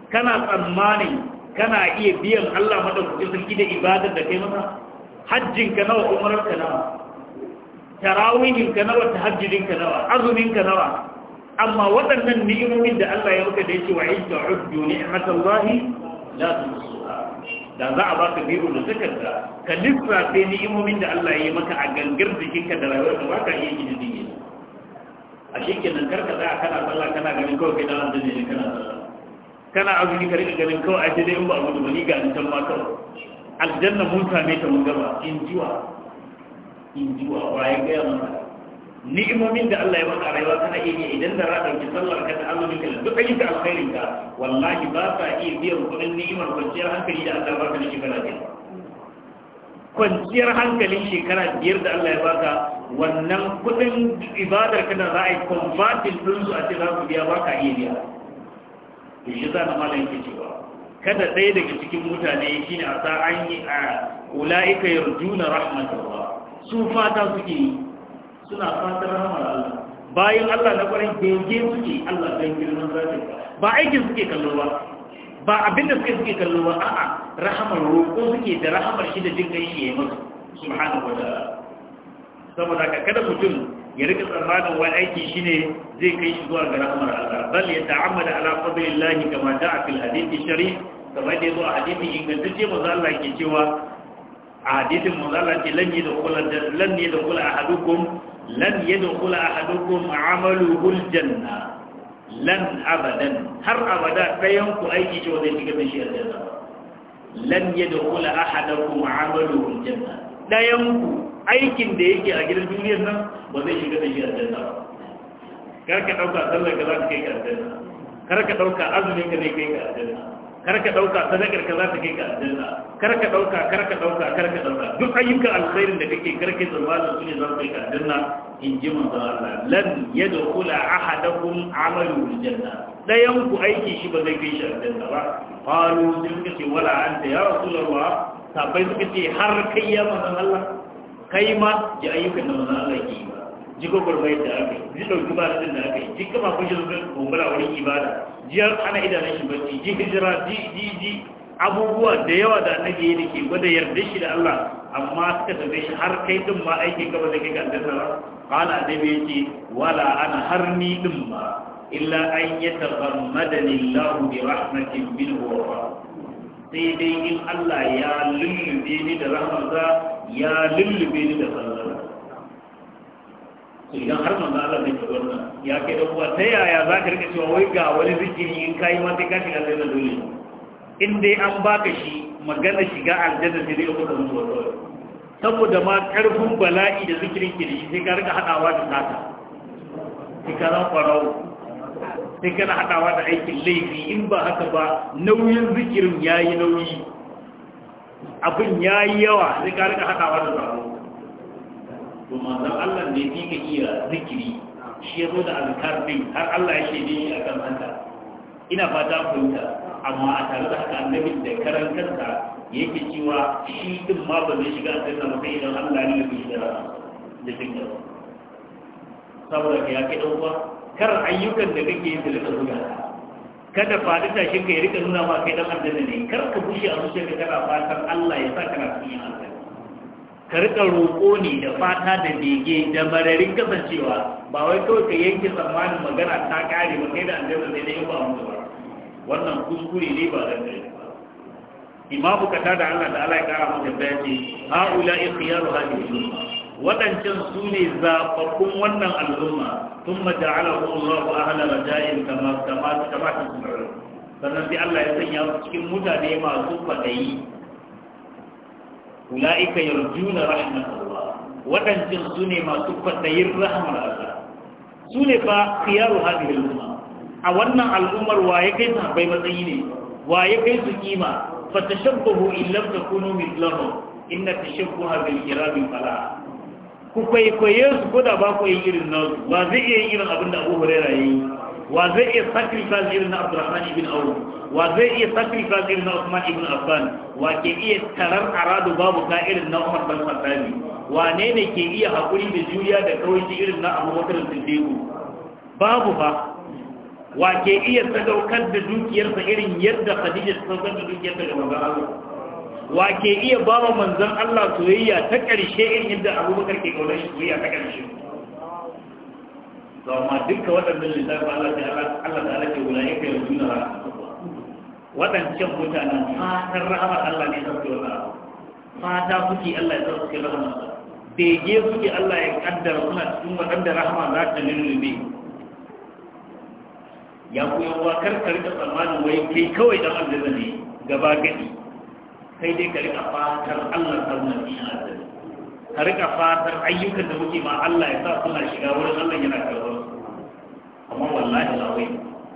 Speaker 1: kana tsammanin kana iya biyan Allah madaukakin sarki da ibadar da kai masa hajjin ka nawa umrar ka nawa tarawihin ka nawa tahajjudin ka nawa azumin ka nawa amma waɗannan ni'imomin da Allah ya maka da yake wa idda uddu ni'matallahi la tuhsuha da za a baka biyu da zakarta ka lissafe ni'imomin da Allah ya yi maka a gangar jikinka da rayuwar da baka iya gidi dinki a shekenan karka za a kana sallah kana ganin kawai kai da wanda ne kana sallah kana azumi ka rika ganin kawai ai dai in ba abu da bani ga an san ma kawai aljanna mun ne ta mun in jiwa in jiwa wa ya ga mun ni'imomin da Allah ya maka rayuwa kana iya idan da ra dauki sallar ka da Allah ka da duk ayyuka alkhairin ka wallahi ba ka iya biyan kuɗin ni'imar kwanciyar hankali da Allah ya baka na kana ji kwanciyar hankalin shekara biyar da Allah ya baka wannan kudin ibadar ka da za a yi convertin ɗinsu a cikin za su biya ba ka iya biya to shi za na malam yake cewa kada ɗaya daga cikin mutane shine a sa an yi a ulaika yarjuna rahmatullah su fata suke yi suna fatar rahmar Allah bayan Allah na kwarin gege suke Allah don girman zafi ba aikin suke kallo ba ba abinda suke suke kallo ba a'a rahamar roƙo suke da rahamar shi da jin kai ya yi musu subhanahu wa ta'ala saboda ka kada mutum ya rika tsammanin wani aiki shine zai kai shi zuwa ga rahmar Allah bal ya ta'ammala ala fadlillahi kama da'a fil hadithi sharif kama da yazo a hadithin ingantacce manzo Allah ke cewa a hadithin manzo Allah ce lan yadkhula lan yadkhula ahadukum lan yadkhula ahadukum amaluhu aljanna lan abadan har abada dayan ku aiki ce wanda shiga shi aljanna lan yadkhula ahadukum amaluhu aljanna dayan ku aikin da yake a gidan duniyar nan ba zai shiga da shi aljanna ba kar ka ɗauka sallar ka za ta kai ka aljanna kar ka ɗauka azumin ka zai kai ka aljanna kar ka ɗauka sadakar ka za ta kai ka aljanna kar ka ɗauka kar ka ɗauka kar ka ɗauka duk ayyukan alkhairin da kake kar ka tsammanin su ne za su kai ka a aljanna in ji manzon Allah lan yadkhula ahadakum amalu aljanna dayan ku aiki shi ba zai kai shi aljanna ba qalu sun ce wala anta ya rasulullah sabai suka ce har kai ya manzon Allah kai ma ji ayyukan da manzon Allah ke yi ba ji gwagwarmayar da aka yi ji ɗauki ba da da aka yi ji kama kun shirin kumbura wurin ibada ji ana idanun shi bacci ji hijira ji ji ji abubuwa da yawa da annabi ya ke gwada yarda shi da Allah amma suka tafi shi har kai din ma aiki gaba da kai da aljanna ba qala annabi yace wala ana har ni din ma illa an yataghammadani Allah bi rahmatin minhu wa sai dai in Allah ya lullube ni da rahmansa ya lullube ni da sallara idan har manzo Allah bai shiga da ya kai da kuwa ta yaya za ka rika cewa wai ga wani zikiri in kai ma sai ka shiga aljanna dole in dai an baka shi magana shiga aljanna sai dai kuka zuwa dole saboda ma karfin bala'i da zikirin ke da shi sai ka rika hadawa da sata ki kana zan sai kana haɗawa da aikin laifi in ba haka ba nauyin zikirin ya yi nauyi abin ya yi yawa sai ka rika haɗawa da zaro to manzan Allah ne fi ka iya zikiri shi ya zo da azkar din har Allah ya shaide shi a kan hanta ina fata kunta amma a tare da haka annabi da karan ya yake cewa shi din ma ba zai shiga a ba sai idan Allah ne ya bi shi da da cikin saboda ya kai ɗauka kar ayyukan da kake yin da zuga kada faɗi tashin ka ya rika nuna ma kai dan aljanna ne kar ka bushe a ka kana fatan Allah ya sa kana cikin aljanna ka rika roƙo ne da fata da bege da mararin kasancewa ba wai kawai ka yanke tsammanin magana ta kare ba kai da aljanna sai dai ba mu ba wannan kuskure ne ba zan ba imamu kata da Allah da Allah ya kara masa bayani ha'ula ikhiyaru hadhihi waɗancan su ne zaɓaɓɓun wannan al'umma sun maja'ala Allah wa ahla rajain kama kama kama ta sunan sannan sai Allah ya sanya su cikin mutane masu fadayi ulaika yarjuna rahmatullah waɗancan su ne masu fadayin rahmar Allah su ne fa khiyaru hadhihi al-umma a wannan al'ummar wa ya kai su sahabbai matsayi ne wa ya kai su kima fatashabbahu illam takunu mithlahum inna tashabbuha bil kiram fala ku kwaikwaye su ko da ba ku yi irin na ba zai iya yin irin abin da abu huraira yi wa zai iya sakrifa irin na abdurrahman ibn awu wa zai iya sakrifa irin na usman ibn affan wa ke iya tarar aradu babu ka irin na umar bin khattabi wa ne ke iya hakuri da juriya da kawai irin na abubakar siddiq babu ba wa ke iya sadaukar da dukiyarsa irin yadda khadija ta sadaukar da dukiyarta ga manzon Allah wa ke iya ba wa manzan Allah soyayya ta ƙarshe in yadda abubakar ke ƙaunar shi soyayya ta ƙarshe to amma duka waɗannan littafin Allah ta Allah ta Allah ke wula ya kai yanzu na waɗancan mutanen fatan Rahama Allah ne ta fi wata fata kuke Allah ya zama rahama rahamar bege kuke Allah ya kaddara kuna cikin waɗanda rahama za ta lullube ya yawa karkar da tsammanin wai kai kawai da aljanna ne gaba gadi sai dai ka rika fatar Allah sallallahu na wasallam ka rika fatar ayyukan da muke ma Allah ya sa suna shiga wurin Allah yana su amma wallahi lawai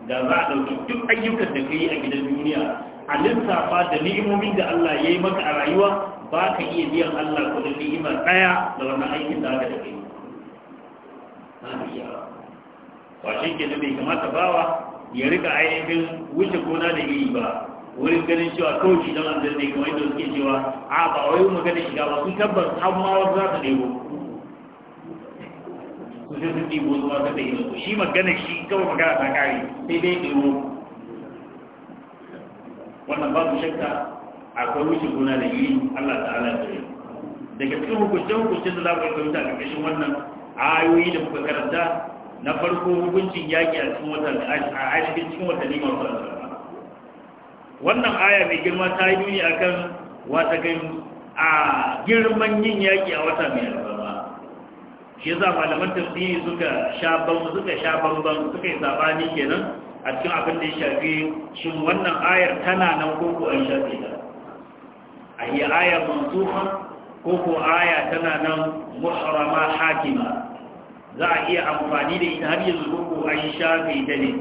Speaker 1: da za a ɗauki duk ayyukan da ka yi a gidan duniya a lissafa da ni'imomin da Allah ya yi maka a rayuwa ba ka iya biyan Allah da ni'imar ɗaya da wannan aikin da aka da kai ba shi ke da bai kamata bawa ya rika ainihin wuce gona da iri ba wurin ganin cewa kawai shi dan aljanna ne kamar yadda suke cewa a ba wai maganin shiga ba sun tabbas har ma wasu za su nemo su sai su ɗibo su wasu da yanzu shi maganin shi kawai magana ta kare sai dai ɗibo wannan babu shakka akwai wuce gona da yi Allah ta'ala ya tsare daga cikin hukuncin hukuncin da za ku yi fahimta a ƙarƙashin wannan ayoyi da muka karanta na farko hukuncin yaƙi a cikin watan a cikin cikin watanni masu rantsuwa wannan aya mai girma ta yi nuni akan wata gan a girman yin yaƙi a wata mai alfarma shi yasa malaman tafsiri suka sha ban suka sha banban suka yi sabani kenan a cikin abin da ya shafi shin wannan ayar tana nan ko ko an shafe ta a yi aya mansuha ko ko aya tana nan muharrama hakima za a iya amfani da ita har yanzu ko ko an shafe ta ne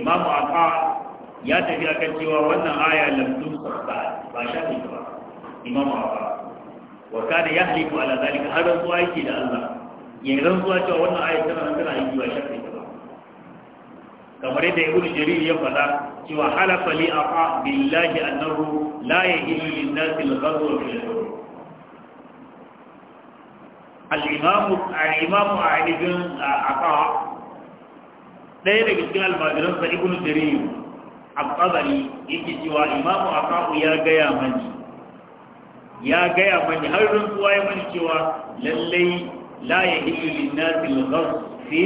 Speaker 1: imamu aqa ya tafi akan cewa wannan aya lamdu sarfa ba shafi ba imamu afa wa kana yahliku ala zalika har zuwa yake da Allah ya zuwa cewa wannan aya tana nan tana aiki ba shafi ba kamar yadda ibnu jarir ya faɗa cewa halafa li aqa billahi annahu la yahillu lin-nas al-ghadwa fil al-imam al-imam a'idun aqa ɗaya daga cikin almajiransa ibnu jarir al qadari yake cewa imamu akahu ya gaya mani ya gaya mani har kuwa ya mani cewa lallai la yahillu lin-nasi al-ghass fi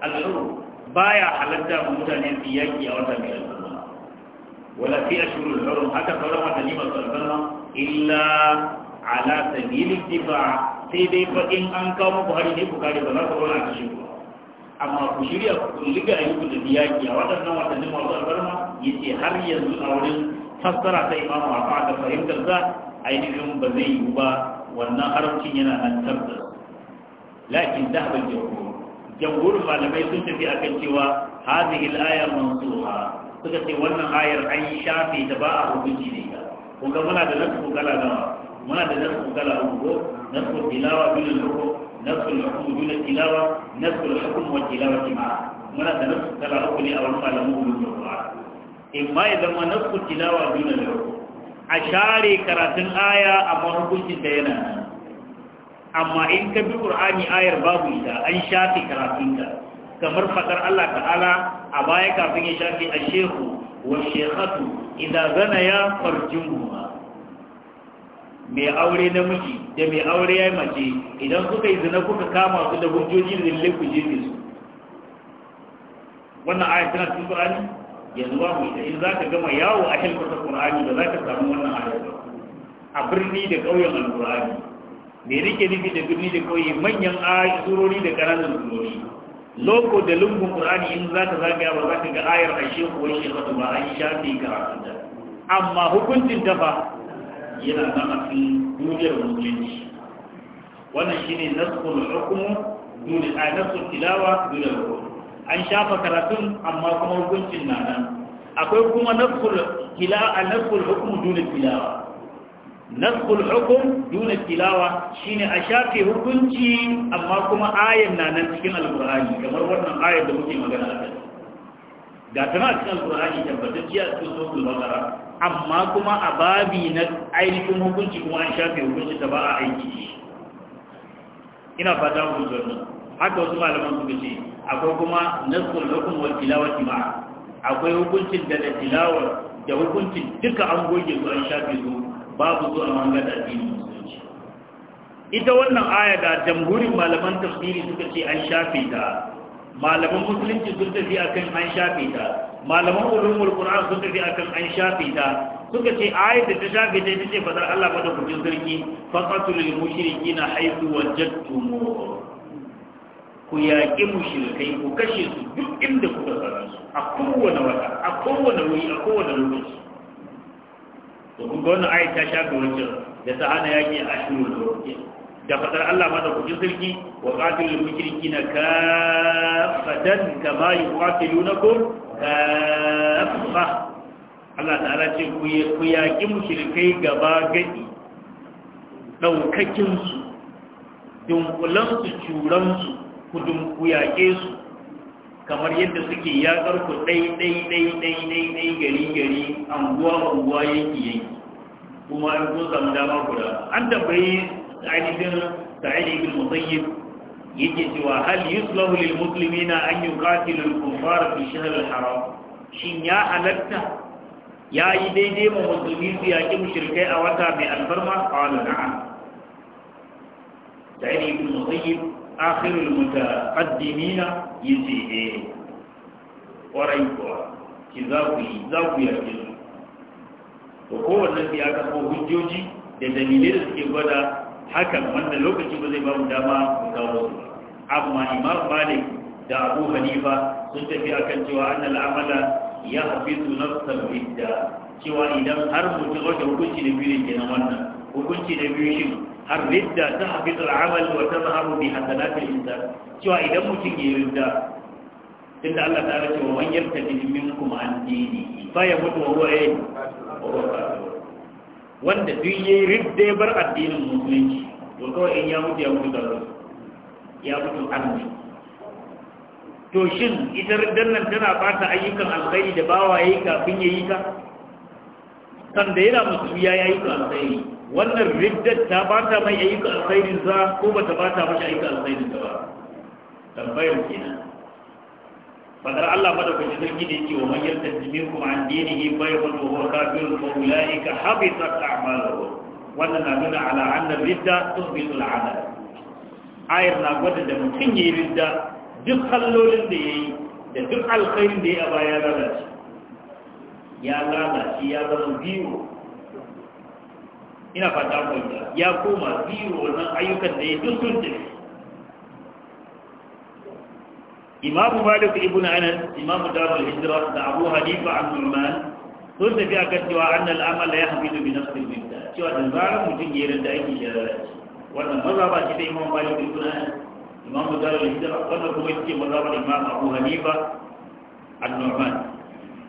Speaker 1: al-hurum baya halatta mutane su yaki a wata mai wala fi al hurum haka sauran wata masu sallama illa ala sabilin difa sai dai fa in an kawo buhari ne bukari ba za ku wani a kashe ba amma ku shirya ku liga yi ku da biyaki a waɗannan watannin masu albarma ya ce har yanzu a wurin fassara ta imamu a fa'ada fahimtar za ainihin ba zai yiwu ba wannan haramcin yana nan tabbas lakin zahabar jamhur jamhurin malamai sun tafi akan cewa hadhihi al-aya mansuha suka ce wannan ayar an shafe ta ba a hukunci ne ta kun ga muna da nasu kala nawa muna da nasu kala uku nasu tilawa bil hukum نفس الحكم دون التلاوة نفس الحكم والتلاوة معا muna ne a wani malamin ulumul qur'an imma ya zama nafsu tilawa duna da a share karatun aya amma hukuncin da yana amma in ka bi qur'ani ayar babu ita an shafe karatun ta kamar fadar Allah ta'ala a baya kafin ya shafe ashehu wa shekhatu idza zanaya farjuhuma mai aure na miji da mai aure ya mace idan kuka yi zina kuka kama su da hujjoji da lalle ku je su wannan aya tana cikin qur'ani yanzu ba mu idan za ka gama yawo a halkar qur'ani ba ka samu wannan aya a birni da ƙauyen Al-Qur'ani. me rike nufi da birni da kauye manyan ayoyi surori da ƙananan surori loko da lungun qur'ani in za zaka zagaya ba ka ga ayar ashe ko shi ba an shafi karatu amma hukuncin dafa yana nan a cikin duniyar musulunci wannan shine nasul hukumu duni a nasul tilawa duni hukum an shafa karatun amma kuma hukuncin na nan akwai kuma nasul tilawa nasul hukumu duni tilawa nasul hukum duni tilawa shine a shafe hukunci amma kuma ayan na nan cikin alqur'ani kamar wannan ayar da muke magana a kai ga tana a cikin alkur'ani tabbatacciya a cikin suratul bakara amma kuma a babi na ainihin hukunci kuma an shafe hukunci ta ba a aiki ina fata hukunci wannan haka wasu malaman suka ce akwai kuma nasul hukum wa Tilawar ma akwai hukuncin da da tilawar da hukuncin duka an goge su an shafe su babu su a mangar addini musulunci ita wannan aya da jamhurin malaman tafsiri suka ce an shafe ta malaman musulunci sun tafi akan an shafe ta malaman ulumul qur'an sun tafi akan an shafe ta suka ce ayat ta shafe ta ce fadar Allah ba da kujin sarki faqatul mushrikina haythu wajadtum ku yaƙi mushrikai ku kashe su duk inda kuka tsara su a kowane wata a kowane wuri a kowane lokaci to kun ga wannan ta shafe wancan da ta hana yaƙi a shirin lokaci da fadar Allah madaukakin sarki wa qatilul mushrikina kafatan kama yuqatilunakum kafa Allah ta'ala ce ku yaƙi mushrikai gaba gadi daukakin su dunkulan su curan su ku dunku yaƙe su kamar yadda suke yaƙar ku ɗai ɗai ɗai ɗai gari gari anguwa anguwa yanki yanki kuma an kun samu dama guda an tabbayi تعني جنة تعني بالمطيب يجي سوى هل يصلح للمسلمين أن يقاتلوا الكفار في الشهر الحرام شين يا حلقنا يا إيدي دي مهزمين في أجم شركي أوتا بألفرما قال نعم تعني مطيب آخر المتقدمين يزيه ورأيكوا كذاوكي ذاوكي أجل وقوة نبي أكبر هجوجي da dalilai da suke gwada hakan wanda lokaci ba zai ba mu dama mu kawo su amma imam malik da abu hanifa sun tafi akan cewa annal amala ya hafizu nafsan bidda cewa idan har mutum wata hukunci da biyu kenan wannan hukunci da biyu shi har ridda ta hafizu al'amal wa ta zahabu bi hasanatil insan cewa idan mutum ya ridda tunda Allah ta race wa man yartaji minkum an dini fa ya mutu wa huwa eh, wa huwa kafir wanda duk yayi ridde bar addinin musulunci to kawai in ya mutu ya mutu garin ya mutu annabi to shin ita riddar nan tana fata ayyukan alkhairi da bawa yayi kafin yayi ta da yana musulmi ya yi ka alkhairi wannan riddar ta bata mai ayyukan alkhairi za ko bata bata mashi ayyukan alkhairi ba tambayar kenan fadar Allah madaukakin sarki da yake wa man yarda minkum an dinihi ya wa huwa kafirun fa ulaika habitat a'maluhum wannan na nuna ala anna ridda tuhbitu al'amal ayar na gwada da mutum yayi ridda duk hallolin da yayi da duk alkhairin da ya baya lalace ya lalace ya zama biyu ina fata ko ya koma biyu wannan ayyukan da ya duk imamu malik ibn anas imamu darul hijra da abu hanifa an sun tafi a kan cewa an al'amala ya da bi nafsin minta cewa da zarar mutum ya yarda aiki shari'a wannan maza ba shi da Imam malik ibn anas imamu darul hijra wannan kuma yake maza ba imamu abu hanifa an numan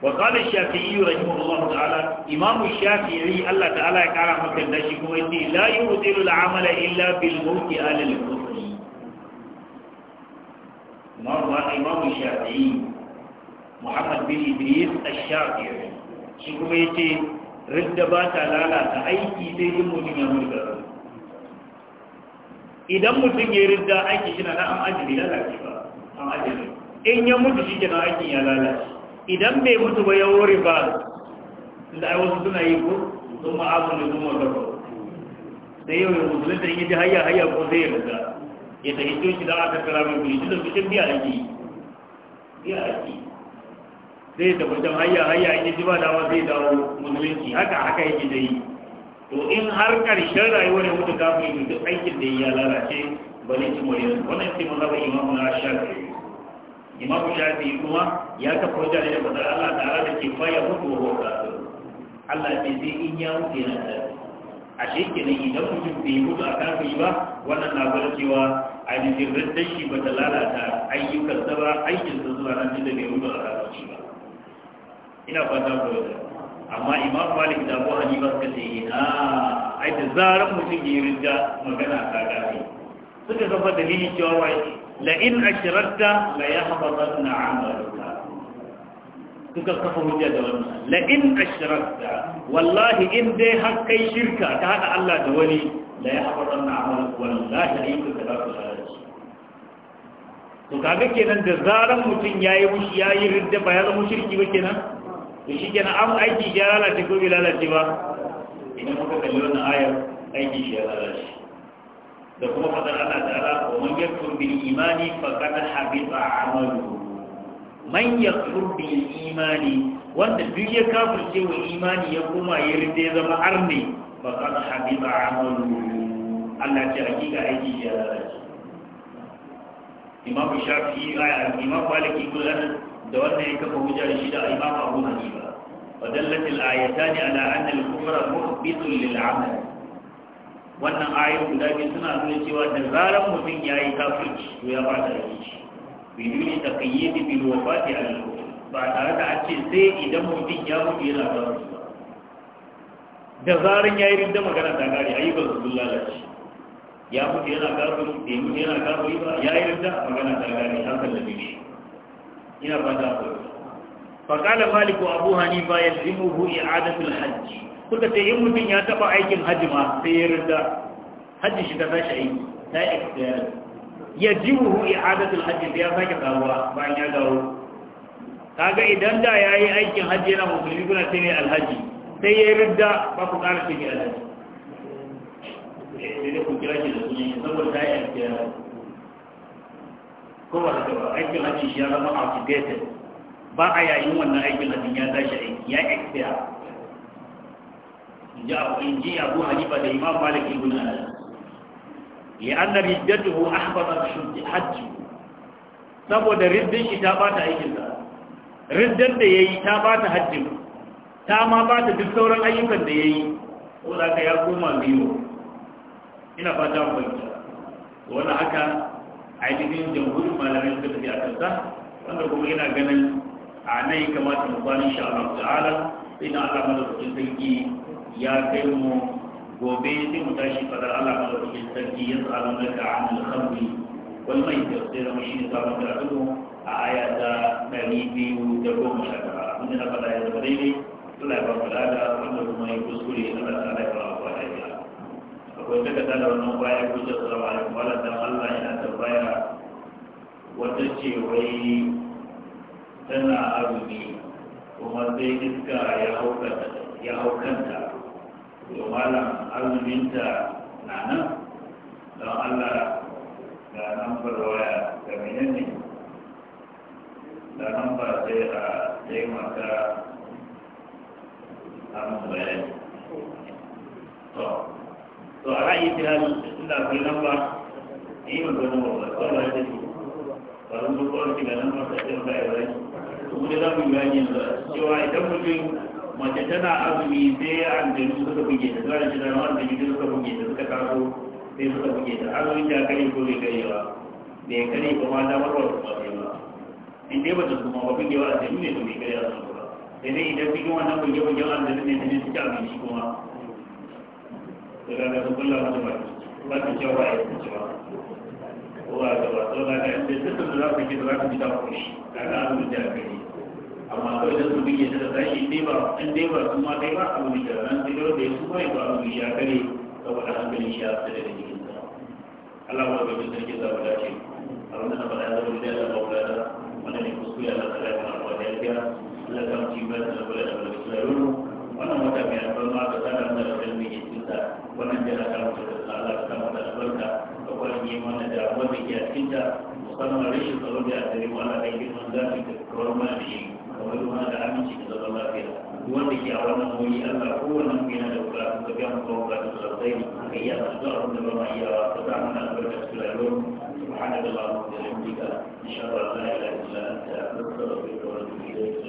Speaker 1: وقال الشافعي رحمه الله تعالى إمام الشافعي da تعالى قال مكان داشي كويتي لا يبطل العمل إلا بالموت على الكفر imamu shafi'i muhammad bin idris ash-shafi'i shi kuma yace ridda ba ta lalata aiki sai ya murga idan mutum ya ridda aiki shi na an lalace ba an ajiye in ya mutu shi na aiki ya lalace idan bai mutu ba ya wuri ba da ai wasu suna yi ko sun abu ne zuma ba sai yau ya musulunta yi ji hayya hayya ko zai yarda ya ta hito shi za aka kara mai guri shi da bikin biya ake yi biya ake sai da mutum hayya hayya in ji ba dama zai dawo musulunci haka haka yake da yi to in har karshen rayuwar ya mutu kafin duk aikin da ya lalace ba ne ci moriyar wannan ce mazaba imamu na shafi imamu shafi kuma ya kafa wajen da fadar Allah ta'ala da ke faya mutu wa Allah ce zai in ya mutu yana tafi a shekene idan mutum bai mutu a kafiri ba wannan na gwada cewa ainihin riddar shi ba ta lalata ayyukan ayyukansa ba aikinsa zuwa nan da bai mutu a kafiri ba ina fata ko da amma imam malik da abu hanifa suka ce ina ai da zarar mutum ya ridda magana ta gafi suka kafa dalilin cewa wai la in ashrakta la yahbatanna amalu suka kafa hujja da wannan la in ashrakta wallahi in dai har kai shirka ta hada Allah da wani la ya haɓar wannan amal wallahi ka da za su lalace to kaga kenan da zaran mutum yayi mushi yayi ridda ba ya zama shirki ba kenan to shi kenan an aiki ya lalace ko bai lalace ba idan muka kalli wannan ayar aiki ya lalace da kuma fadar Allah ta'ala wa man yakfur bil imani faqad habita amaluhu man yakfur bil imani wanda duk ya kafirce wa imani ya kuma ya rinde zama arne ba kan habiba amalu Allah ce hakika aiki ya lalace imamu shafi a eh, imamu maliki kullum da wannan ya kafa hujja da shi da imamu abu hanifa ودلت الآيتان على أن الكفر مخبط للعمل wannan ayoyin guda biyu suna nuna cewa da zarar mutum ya yi kafirci to ya bata da biduni taqayyidi bil wafati ala ba tare da a ce sai idan mutum ya mutu yana da ba da zarin yayi rinda magana ta gari a yi ba zubin lalace ya mutu yana kafiri da ya mutu yana kafiri ba ya yi rinda magana ta gari an kallabe shi ina fata akwai فقال مالك وابو حنيفه يلزمه اعاده hajji. kuka ce in mutum ya taba aikin hajji ma sai ya rinda hajji shi ta tashi aiki ta experience ya jiwuhu i'adatul hajji ya sake karuwa bayan ya dawo kaga idan da ya yi aikin hajji yana musulmi kuna ce ne alhaji sai ya yi ridda ba ku kara ce ne alhaji sai dai ku kira shi da sunan saboda ta yi aiki ya ko ba haka ba aikin hajji shi ya zama outdated ba a yayin wannan aikin hajji ya tashi aiki ya expire in ji abu hanifa da imam malik ibn anas li'an da riddatuhu ahbata shuddi hajji saboda riddin shi ta bata aikin sa riddan da yayi ta bata hajji ta ma bata duk sauran ayyukan da yayi ko za ka ya koma biyo, ina fata mu fahimta wanda haka ainihin jamhurin malamin da tafi a sa wanda kuma yana ganin a nan ya kamata mu bani insha Allah ta'ala sai na Allah madaukakin sarki ya kai mu gobe sai mu tashi fadar Allah ma wajen sarki ya tsara daga an alhamdi wal mai da sai da shi da ba da a aya ta 219 abin da fada ya zama daidai Allah ya ba mu lada wanda kuma ya kuskure Allah ta da ba ba da ya akwai daga da wannan baya ko da salamu alaikum wala dan Allah yana tambaya wata ce wai tana azumi kuma sai iska ya haukanta to malam azuminta na nan don allah ga nambar waya ga menene da namba sai a taimaka samun bayani to to a ra'ayi ta inda akwai namba yi magana ba ba kawai ta shi ba don duk kawai ta taimaka ya bayani to da za yi bayani yanzu cewa idan mutum mace tana azumi sai aljanu suka buge ta zuwa da shi da wanda gidi suka buge ta suka taso sai suka buge ta azumin ta kare ko bai kare ba bai kare ba ma damar ba su ba in dai bata kuma ba bugewa a sai ne to bai kare su ba sai dai idan cikin wannan buge buge wa aljanu ne sai su ci abinci kuma to ga ga kullu ba ba ta cewa ba ta cewa ko ga ba to ga ga sai su za su ji za su ji da kushi kaga azumin ta kare amma kawai da su biye da tashi dai ba an dai ba kuma dai ba abu ne da ran dai da su bai ba abu ya kare saboda hankalin shi ya tsare da jikin Allah wa ga sarki da shi abin da na ba da wani da Allah ba da wannan ne kuskure Allah ya lafi ba da ya Allah ka ci ba da ba da ba da wannan wata mai albarma ka da da da wannan da ta mutu da Allah ta da albarka da kwalin yi mana da wanda ke ta musamman rashin tsaro da ya tsare mu Allah da yake manzanci da kawar mana da shi وقالوا هذا عمل شكل الله فيها ولك أولا ولي ألا قولا بنا دولا وكان قولا بالغربين إيانا الزهر من الرمائية وفتحنا البركة في العلوم سبحانك اللهم وبحمدك إن شاء الله لا إله إلا أنت نستغفرك ونتوب إليك